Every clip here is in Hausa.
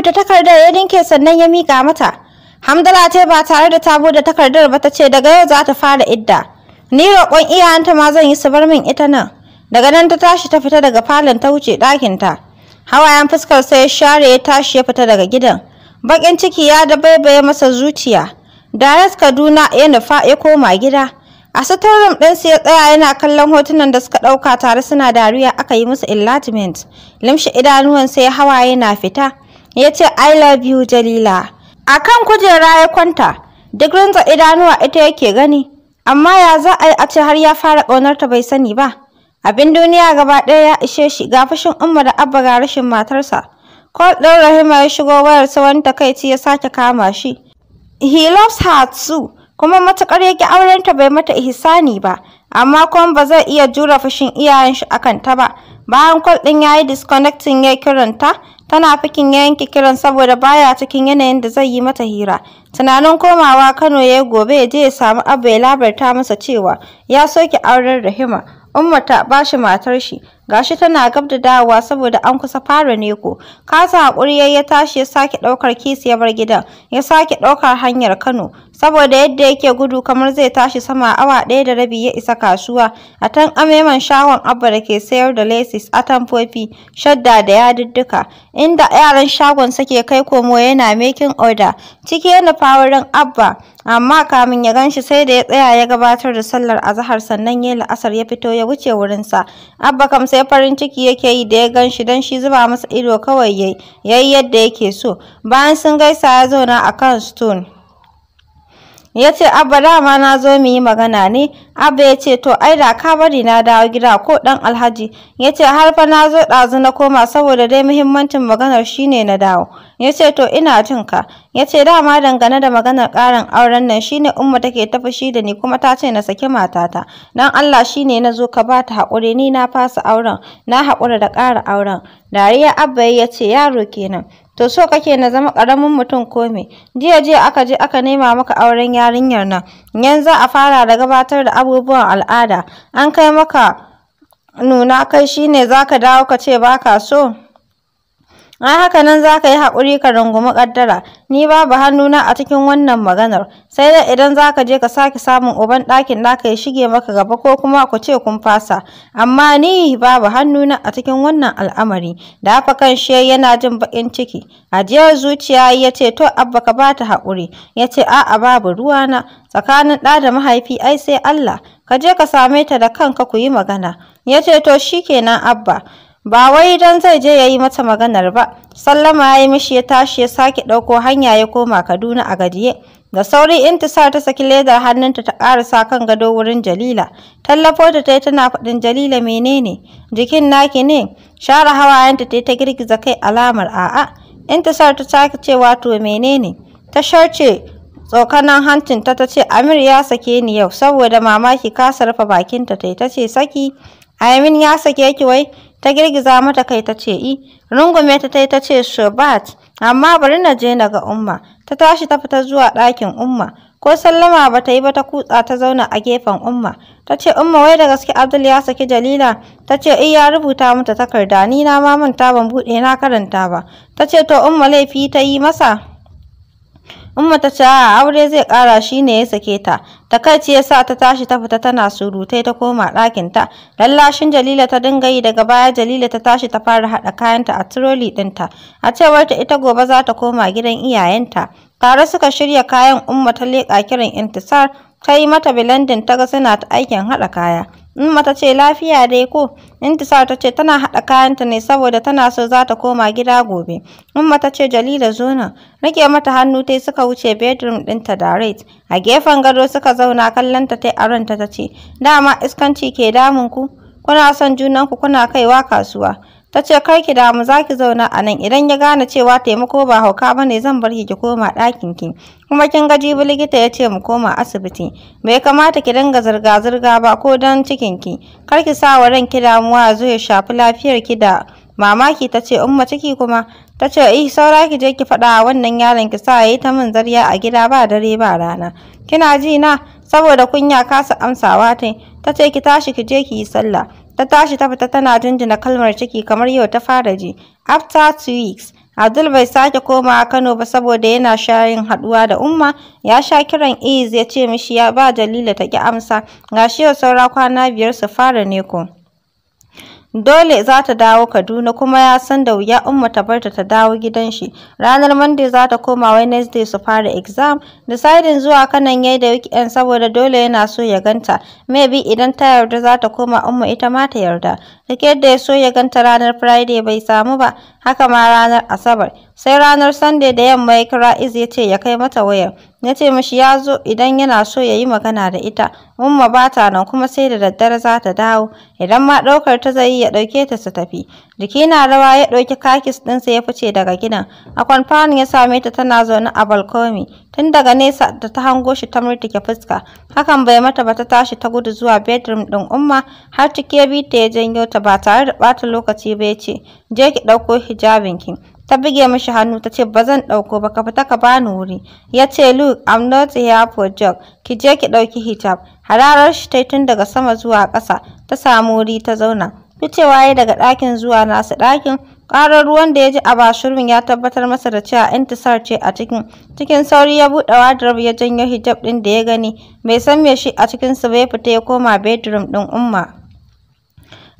rubuta takardar ya dinke sannan ya mika mata hamdala ce ba tare da ta bude takardar ba ta ce daga yau za ta fara idda ni roƙon iyayenta ma zan yi su bar min ita nan daga nan ta tashi ta fita daga falon ta wuce ɗakinta hawayen fuskar sai ya share ya tashi ya fita daga gidan bakin ciki ya dabaibaye masa zuciya Dares Kaduna ya nufa ya koma gida. A sitarin ɗinsu ya tsaya yana kallon hotunan da suka ɗauka tare suna dariya aka yi musu enlightenment. Limshi idanuwan sai hawaye na fita. ya ce I love you Jalila. A kan kujera ya kwanta, duk rinza idanuwa ita yake gani, amma ya za a yi a ce har ya fara ƙaunarta bai sani ba. Abin duniya gaba ɗaya ya ishe shi ga fushin Umma da Abba ga rashin matarsa. Kol ɗan Rahima ya shigo wayar sa wani takaici ya sake kama shi. He loves her too, kuma matuƙar yake aurenta bai mata ihsani ba, amma kuma ba zai iya jura fushin iyayen shi akan ta ba. Bayan kwal ɗin ya yi disconnecting ya kiranta, Tana fikin ya yanke kiran saboda baya cikin yanayin da zai yi mata hira. Tunanin komawa Kano ya gobe ya je ya samu Abba ya labarta masa cewa ya soke auren Rahima. Umma ta bashi matar shi. gashi tana gab da dawowa saboda an kusa fara neko kasa hakuri yayi ya tashi ya sake daukar kisi ya bar gidan ya sake daukar hanyar Kano saboda yadda yake gudu kamar zai tashi sama awa ɗaya da rabi ya isa kasuwa a tan ameman shawon abba da ke sayar da laces atamfofi shadda da yadudduka inda yaran shagon sake kai komo yana making order ciki yana fawarin abba amma kamin ya ganshi sai da ya tsaya ya gabatar da sallar azahar sannan ya la'asar ya fito ya wuce wurinsa abba kam sai sai farin ciki yake yi da ya gan shi don shi zuba masa ido kawai yayi yadda yake so bayan sun gaisa ya zauna a kan stone ya ce abba dama na zo mu yi magana ne abba ya ce to ai da ka bari na dawo gida ko dan alhaji ya ce har fa na zo ɗazu na koma saboda dai muhimmancin maganar shine na dawo ya ce to ina jin ka ya ce dama dangane da maganar ƙarin auren nan shine umma take ta fushi da ni kuma ta ce na saki matata dan Allah shine na zo ka bata ta haƙuri ni na fasa auren na haƙura da ƙara auren dariya abba ya ce yaro kenan to so kake na zama ƙaramin mutum ko me jiya jiya aka je aka nema maka auren yarinyar nan yanzu a fara da gabatar da abubuwan al'ada an kai maka nuna kai shine zaka dawo ka ce baka so a haka nan za ka yi haƙuri ka rungumi ƙaddara ni babu hannuna a cikin wannan maganar sai dai idan za ka je ka sake samun uban ɗakin da ka yi shige maka gaba ko kuma ku ce kun fasa amma ni babu hannuna a cikin wannan al'amari da haka kan shi yana jin baƙin ciki ajiyar zuciya ya ce to abba ka ba ta haƙuri ya ce a'a babu ruwa na. tsakanin ɗa da mahaifi ai sai Allah ka je ka same ta da kanka ku yi magana ya ce to shikenan abba ba wai don zai je ya yi mata maganar ba sallama ya yi mishi ya tashi ya sake ɗauko hanya ya koma kaduna a gadiye. da sauri intisar ta saki ledar hannunta ta ƙarasa kan gado wurin jalila tallafo ta ta yi tana faɗin jalila menene jikin naki ne share hawayenta ta ta girgiza kai alamar a'a intisar ta sake cewa to menene ta sharce tsokanan hancin ta ce amir ya sake ni yau saboda mamaki kasa rufe bakinta ta ta ce saki Amin ya sake ki wai ta girgiza mata kai ta ce i rungume ta tai ta ce shubat amma bari na je na ga umma ta tashi ta fita zuwa ɗakin umma ko sallama ba ta yi ba ta kutsa ta zauna a gefen umma ta ce umma wai da gaske abdul ya saki jalila ta ce i ya rubuta mata takarda ni na ma manta ban buɗe na karanta ba ta ce to umma laifi ta yi masa Umma ta ce a aure zai ƙara shi ne ya sake ta. Takaici ya sa ta tashi ta fita tana surutai ta koma ɗakinta. Lallashin Jalila ta dinga yi daga baya Jalila ta tashi ta fara haɗa kayanta a turoli ɗinta. A cewar ta ita gobe za ta koma gidan iyayenta. Tare suka shirya kayan Umma ta leƙa kiran intisar ta yi mata bilandin ta ga suna ta aikin haɗa kaya. Umma ce lafiya dai ko? Intisar ta ce tana haɗa kayanta ne saboda tana so za ta koma gida gobe. Umma ce Jalila zona, Rike mata hannu tai suka wuce bedroom ɗinta da rate. A gefen gado suka zauna kallonta ta tai a ranta ta ce, dama iskanci ke damun ku? Kuna son ku kuna kaiwa kasuwa. ta ce kar ki damu za ki zauna a nan idan ya gane cewa taimako ba hauka ba ne zan bar ki ki koma ɗakin ki kuma kin ga jibi likita ya ce mu koma asibiti bai kamata ki dinga zirga-zirga ba ko don cikin ki kar ki sa wa ki damuwa zo ya shafi lafiyar ki da mamaki ta ce umma ciki kuma ta ce eh saura ki je ki faɗa wannan yaron ki sa yayi ta min zarya a gida ba dare ba rana kina ji na saboda kunya kasa amsawa ta ta ce ki tashi ki je ki yi sallah Ta tashi ta fita tana jinjina kalmar ciki kamar yau ta fara ji. After two weeks, Abdul bai sake koma Kano ba saboda yana shayin haduwa da Umma, ya sha kiran Iz ya ce mishi ya ba Jalila ta ki amsa, gashi yau saura kwana biyar su fara neko. Dole za ta dawo Kaduna kuma ya san da wuya Umma ta bar ta dawo gidan shi. Ranar Monday za ta koma Wednesday su fara exam. Deciding zuwa kanan yayi da weekend saboda dole yana so ya ganta. Maybe idan ta yarda za ta koma Umma ita ma ta yarda. duk da ya so ya ganta ranar Friday bai samu ba, haka ma ranar Asabar. Sai ranar Sunday da yamma ya kira Iz ya ce ya kai mata wayar. yace ce mishi ya zo idan yana so ya yi magana da ita, Umma ba ta nan kuma sai da daddare za ta dawo, idan ma ɗaukar ta zai ya ɗauke ta su tafi. Jiki na rawa ya ɗauki kakis ɗinsa ya fice daga gidan. A kwamfanin ya same ta tana zaune a balkomi, tun daga nesa da ta hango shi ta murtuke fuska. Hakan bai mata ba ta tashi ta gudu zuwa bedroom ɗin Umma har cike bi ta ya janyo ta ba tare da bata lokaci ba ya ce, Je ki ɗauko hijabinki. Ta buge mishi hannu ta ce, Ba zan ɗauko ba, ka fita ka bani wuri. Ya ce, Luke, I'm not here for job. Ki je ki ɗauki hijab. Hararar shi ta yi tun daga sama zuwa ƙasa. Ta samu wuri ta zauna. Fice ya daga ɗakin zuwa nasu ɗakin. Ƙarar ruwan da ya ji a bashirin ya tabbatar masa da cewa intisar ce a cikin. Cikin sauri ya buɗe wardrobe ya janyo hijab ɗin da ya gani. Mai san me shi a cikinsu ba ya fita ya koma bedroom ɗin Umma.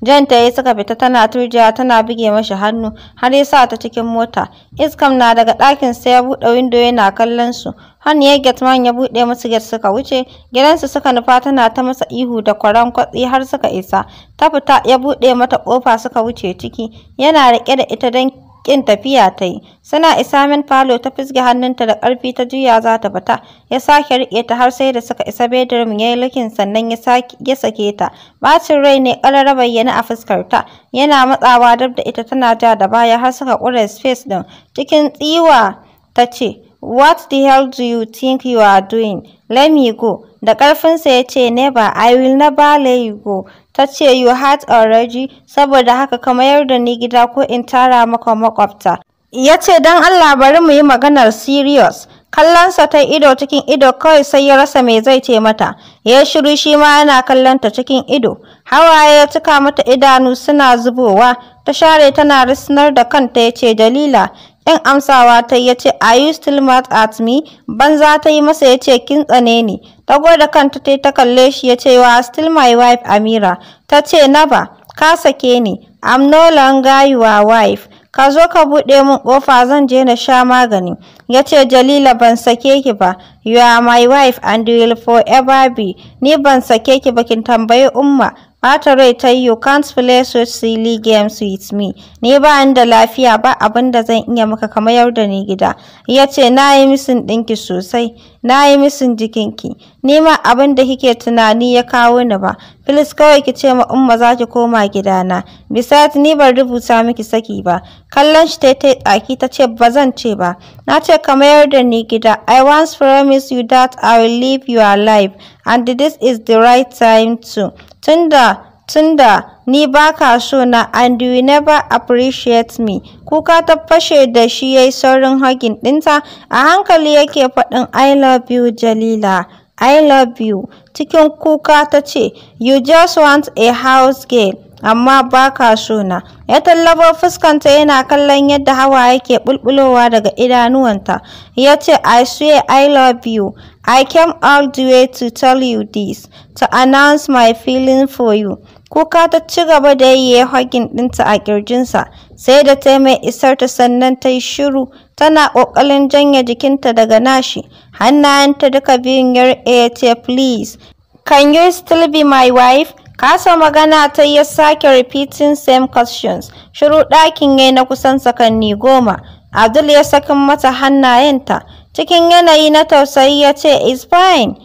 John ta yi suka fita tana turjiya tana buge mashi hannu har ya sa ta cikin mota. Iskam na daga ɗakin sai ya buɗe windo yana kallon su. Hanniyar man ya buɗe masu get suka wuce, gidansu suka nufa tana ta masa ihu da kwaran kwatsi har suka isa. Ta fita ya buɗe mata ƙofa suka wuce ciki, yana riƙe da ita don ƙin tafiya ta yi. Suna isa min falo ta fisge hannunta da ƙarfi ta juya za ta fita. Ya sake riƙe ta har sai da suka isa bedroom ya yi lukin sannan ya sake ta. Bacin rai ne ƙarara bayyana a fuskarta. Yana matsawa dab da ita tana ja da baya har suka ƙure space ɗin. Cikin tsiwa ta ce, What the hell do you think you are doing? Let me go. Da ƙarfinsa ya ce, Never, I will never let you go. ta ce you had already saboda haka ka mayar da ni gida ko in tara maka makwabta ya ce don Allah bari mu yi maganar serious kallonsa ta ido cikin ido kawai sai ya rasa mai zai ce mata ya shiru shi ma yana kallonta cikin ido hawaye ya cika mata idanu suna zubowa ta share tana risnar da kanta ya ce dalila in amsawa ta yace, are you still mad at me banza ta yi masa ya ce kin tsane ni Ta da kanta tai ta kalle shi ya ce wa still my wife Amira. Ta ce naba, ka sake ni, I'm no longer your wife. Ka zo ka buɗe min ƙofa zan je na sha magani. Ya ce Jalila ban sake ki ba, you are my wife and you will forever be. Ni ban sake ki ba kin tambayi Umma. Bata rai ta yi you can't play such silly games with me. Ni ba ni da lafiya ba abin da zan iya maka ka mayar da ni gida. yace ce na yi misin ɗinki sosai, na yi misin jikinki. Ni ma abin da kike tunani ya kawo ni ba. Please kawai ki ce ma umma za ki koma gidana. Besides ni ban rubuta miki saki ba. Kallon shi tai tai tsaki ta ce ba zan ce ba. Na ce ka mayar da ni gida. I once promised you that I will leave your life and this is the right time to. tunda tunda ni ba ka so na and you never appreciate me. Kuka ta fashe da shi yayi saurin hagin ɗinta, a hankali yake faɗin I love you Jalila, I love you. Cikin kuka ta ce, you just want a house girl. amma ba ka so na ya tallabo fuskanta yana kallon yadda hawa yake bulbulowa daga idanuwanta ya ce i swear i love you i came all the way to tell you this to announce my feeling for you kuka ta ci gaba da yi hagin ɗinta a ƙirjinsa sai da ta mai isar ta sannan ta yi shiru tana ƙoƙarin janya jikinta daga nashi hannayenta duka biyun ya ce please can you still be my wife Kasa magana ta ya sake repeating same questions. Shiru ɗakin yayi na kusan sakanni goma. Abdul ya sakin mata hannayenta. Cikin yanayi na tausayi ya ce, is fine.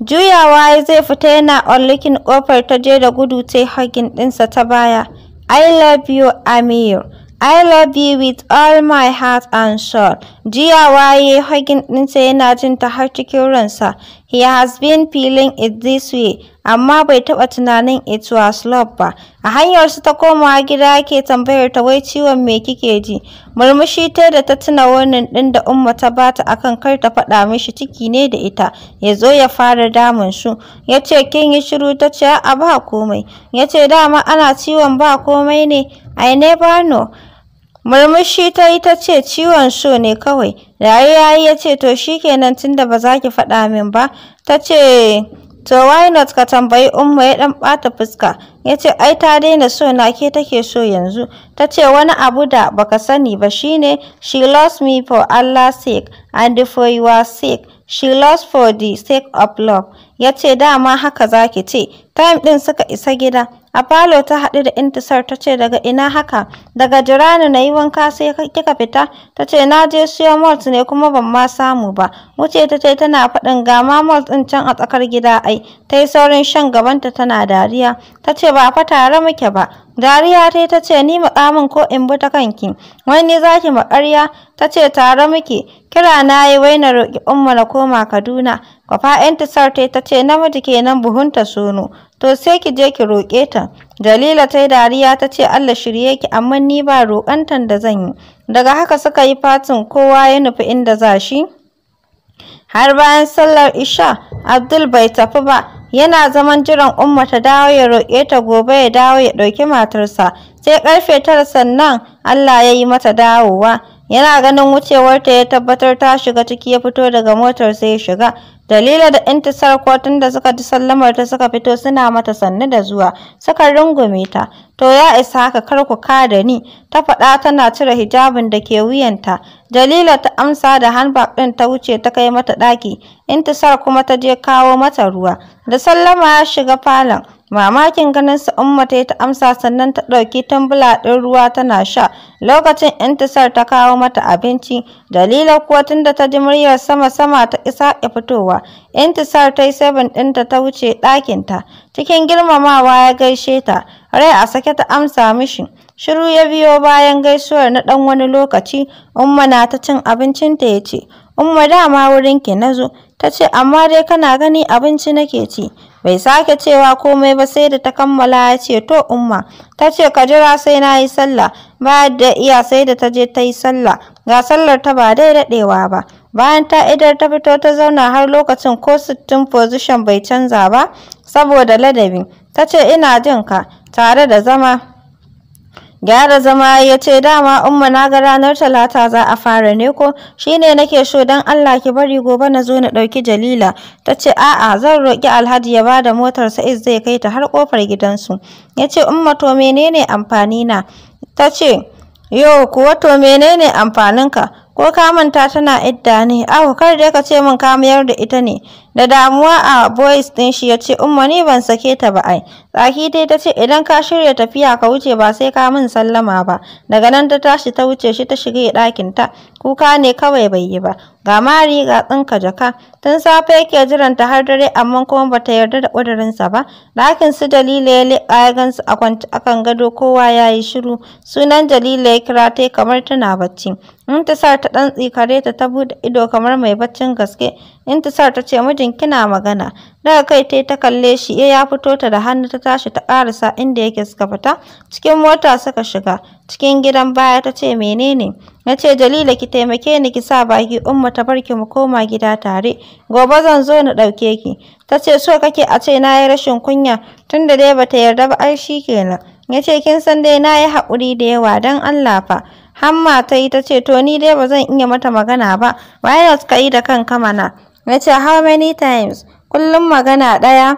Juyawa ya zai fita yana ullikin ƙofar ta je da gudu ta hagin ɗinsa ta baya. I love you, Amir. I love you with all my heart and soul. Jiyawa ya yi hagin ɗinsa yana jin ta har cikin ransa. He has been feeling it this way, amma bai taɓa tunanin it was love ba. A su ta komawa gida yake tambayar ta wai ciwon me kike ji? Murmushi ta da ta tuna wannan ɗin da Umma ta bata akan kar ta faɗa mishi ciki ne da ita, ya zo ya fara damun su. Ya ce kin yi shiru ta ce a ba komai. Ya ce dama ana ciwon ba komai ne, I never know. Murmushi ta yi ta ce ciwon so ne kawai. Yayi ya ce to shikenan tunda ba za ki faɗa min ba. Ta ce to why not ka tambayi umma ya ɗan ɓata fuska. Ya ce ai ta daina so na ke take so yanzu. Ta ce wani abu da baka sani ba shine she lost me for Allah's sake and for your sake. She lost for the sake of love. Ya ce dama haka za ki ce. Time ɗin suka isa gida. A falo ta haɗu da Intisar ta ce daga ina haka? Daga Jirani na yi wanka sai kika fita? Ta ce na je siyo malt ne kuma ban ma samu ba. Wuce ta ce tana faɗin ga ma malt ɗin can a tsakar gida ai. Ta yi saurin shan gabanta tana dariya. Ta ce ba fa tare muke ba. Dariya ta ta ce ni mukamin ko in bi ta kanki. Wai ni za ki maƙarya? Ta ce tare muke. Kira na yi wai na roƙi umma na koma Kaduna. Kwafa Intisar ta ce namiji kenan buhunta sono. to sai ki je ki roƙe ta jalila ta yi dariya ta ce allah shirye ki amma ni ba roƙantan da zan yi daga haka suka yi fatin kowa ya nufi inda za shi har bayan sallar isha abdul bai tafi ba yana zaman jiran Umma ta dawo ya roƙe ta gobe ya dawo ya ɗauki matarsa sai ƙarfe tara sannan Allah ya yi mata dawowa yana ganin wucewarta ya tabbatar ta shiga ciki ya fito daga motar sai ya shiga Dalila da intisar kotun da suka ji sallamar ta suka fito suna mata sannu da zuwa, suka rungume ta. To ya isa haka kar ku da ni, ta faɗa tana cire hijabin da ke wuyanta. Dalila ta amsa da handbag ɗin ta wuce ta kai mata ɗaki, intisar kuma ta je kawo mata ruwa. Da sallama ya shiga falon, Mamakin ganin su Umma ta yi ta amsa sannan ta ɗauki tambula ɗin ruwa tana sha. Lokacin Intisar ta kawo mata abinci, Dalila kuwa tunda ta ji muryar sama-sama ta isa ya fitowa. Intisar ta yi seven ɗinta ta wuce ɗakinta. Cikin girmamawa ya gaishe ta, rai a sake ta amsa mishi. Shiru ya biyo bayan gaisuwar na ɗan wani lokaci, Umma na ta cin ta ya ce, Umma dama wurinki na zo, ta ce amma dai kana gani abinci nake ci. bai sake cewa komai ba sai da ta kammala ya ce to umma ta ce ka jira sai na yi sallah bayan da iya sai da ta je ta yi sallah ga sallar ta ba dai daɗewa ba bayan ta idar ta fito ta zauna har lokacin ko sittin position bai canza ba saboda ladabi ta ce ina jin ka tare da zama gyara zama ya ce dama umma na ga ranar talata za a fara ne ko shine nake so don allah ki bari gobe na zo na ɗauki jalila ta ce a'a zan roƙi alhaji ya bada motar Sa'id zai kai ta har kofar gidansu ya ce umma to menene amfani na ta ce yo kuwa to menene amfaninka ko ka manta tana idda ne awo kar da ka ce min ka da ita ne da damuwa a boys din shi ya ce umma ni ban sake ta ba ai Tsaki dai ta ce idan ka shirya tafiya ka wuce ba sai ka min sallama ba. Daga nan ta tashi ta wuce shi ta shige ɗakinta. Kuka ne kawai bai yi ba. Ga mari ga tsinka jaka. Tun safe yake jiran ta har dare amma kuma ba ta yarda da ƙudurinsa ba. Ɗakin su Jalila ya leƙa ya gansu a kwanci akan gado kowa ya yi shiru. Sunan Jalila ya kira ta kamar tana bacci. Intisar ta ɗan tsikare ta ta buɗe ido kamar mai baccin gaske. Intisar ta ce mijin kina magana. daga kai ta ta kalle shi eh, ya fito ta da hannu ta tashi ta karasa inda yake suka fita cikin mota suka shiga cikin gidan baya ta ce menene na ce jalila ki taimake ni ki sa baki umma ta barki mu koma gida tare gobe zan zo na ɗauke ki ta ce so kake a ce na yi rashin kunya tunda dai bata yarda ba ai shi kenan ya ce kin san dai na yi haƙuri da yawa don allah fa hamma ta yi ta ce to ni dai ba zan iya mata magana ba bayan suka yi da kanka mana na ce how many times kullum magana ɗaya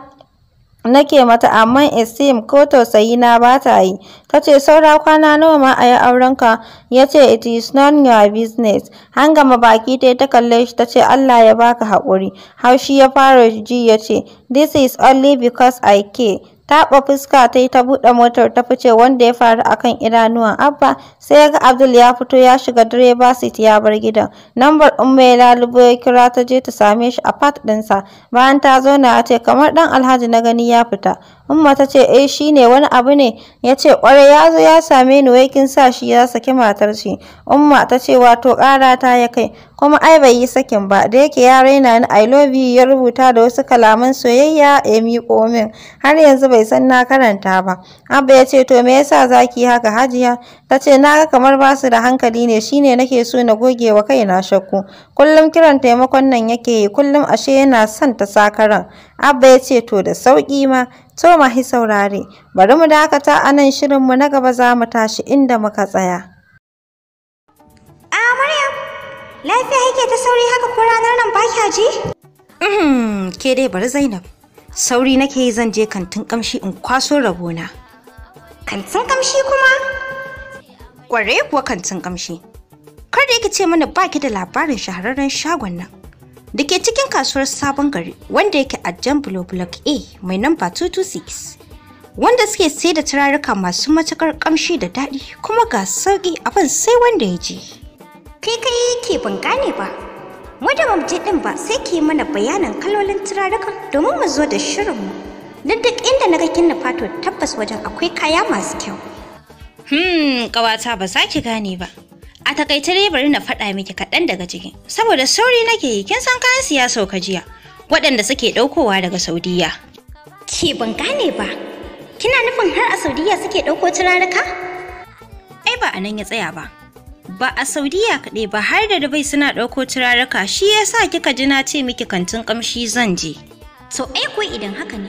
nake mata amma esteem ko tausayi na ba ta yi ta ce saura kwana nawa ma a yi aurenka ya ce it is not your business ma baki ta ta kalle shi ta ce allah ya baka haƙuri haushi ya fara ji ya ce this is only because i care Taɓa fuska ta yi ta buɗe motar ta fice wanda ya faru a kan idanuwan Abba sai ya ga Abdul ya fito ya shiga direba seat ya bar gidan. Nambar ɗin mai lalubo ya kira ta je ta same shi a fat ɗinsa. Bayan ta zauna ya ce kamar ɗan Alhaji na gani ya fita. Umma ta ce eh shi ne wani abu ne ya ce ƙwarai ya zo ya same ni wai sa shi ya saki matar shi. Umma ta ce wato ƙara ta ya kai kuma ai bai yi sakin ba da yake ya raina ni I love you ya rubuta da wasu kalaman soyayya ya miƙo min har yanzu bai san na karanta ba. Abba ya ce to me yasa zaki haka Hajiya ta ce na ga kamar ba su da hankali ne shine nake so na goge wa na shakku kullum kiran taimakon nan yake yi kullum ashe yana son ta sakaran abba ya ce to da sauki ma To mahi saurare, bari mu dakata a nan shirinmu na gaba za mu tashi inda muka tsaya. A Maryam, lafiya yake ta sauri haka ko ranar nan ba kya ji? Uhm, ke dai bari Zainab. Sauri nake yi zan je kantin kamshi in kwaso rabona. Kantin kamshi kuma? Kware kuwa kantin kamshi. Kar da yake ce mana baki da labarin shahararren shagon nan. da ke cikin kasuwar sabon gari wanda yake a jan block a mai namba 226 wanda suke sai da turaruka masu matakar kamshi da daɗi kuma ga sauƙi abin sai wanda ya je kai kai ke ban gane ba wadda mu je ɗin ba sai ke mana bayanan kalolin turaruka domin mu zo da shirinmu don duk inda na ga kinna fato tabbas wajen akwai kaya masu kyau hmm ƙawata ba za ki gane ba A takaice dai bari na faɗa miki kaɗan daga ciki, saboda sauri nake yi kin san kayan siya sauka jiya, waɗanda suke ɗaukowa daga Saudiya. Ke ban gane ba, kina nufin har a Saudiya suke ɗauko turaruka? Ai ba a nan ya tsaya ba. Ba a Saudiya kaɗai ba har da Dubai suna ɗauko turaruka shi yasa kika ji na ce miki kantin ƙamshi zan je. To ai ko idan haka ne,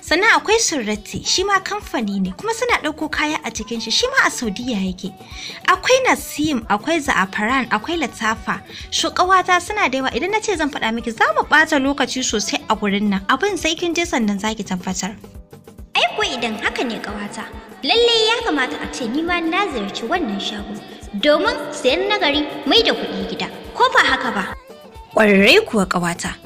sannan akwai surratti shi ma kamfani ne kuma suna ɗauko kaya a cikin shi shi ma a saudiya yake akwai nasim akwai za'afaran akwai latafa shukawata suna da yawa idan na ce zan faɗa miki za mu ɓata lokaci sosai a gurin nan abin sai kin je sannan zaki tabbatar ai ko idan haka ne kawata lalle ya kamata a ce ni ma na ziyarci wannan shago domin sayan nagari mai da kuɗi gida ko ba haka ba ƙwararrai kuwa kawata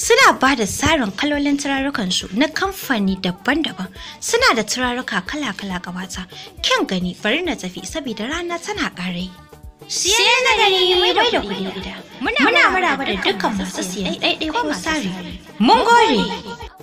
suna ba da tsarin kalolin turarukansu na kamfani daban-daban suna da turaruka kala-kala gabata kyan gani bari na tafi saboda rana tana ƙarai siyan da gani mai da kuɗi gida muna maraba da dukkan masu siyan ɗaiɗai ko tsari mun gore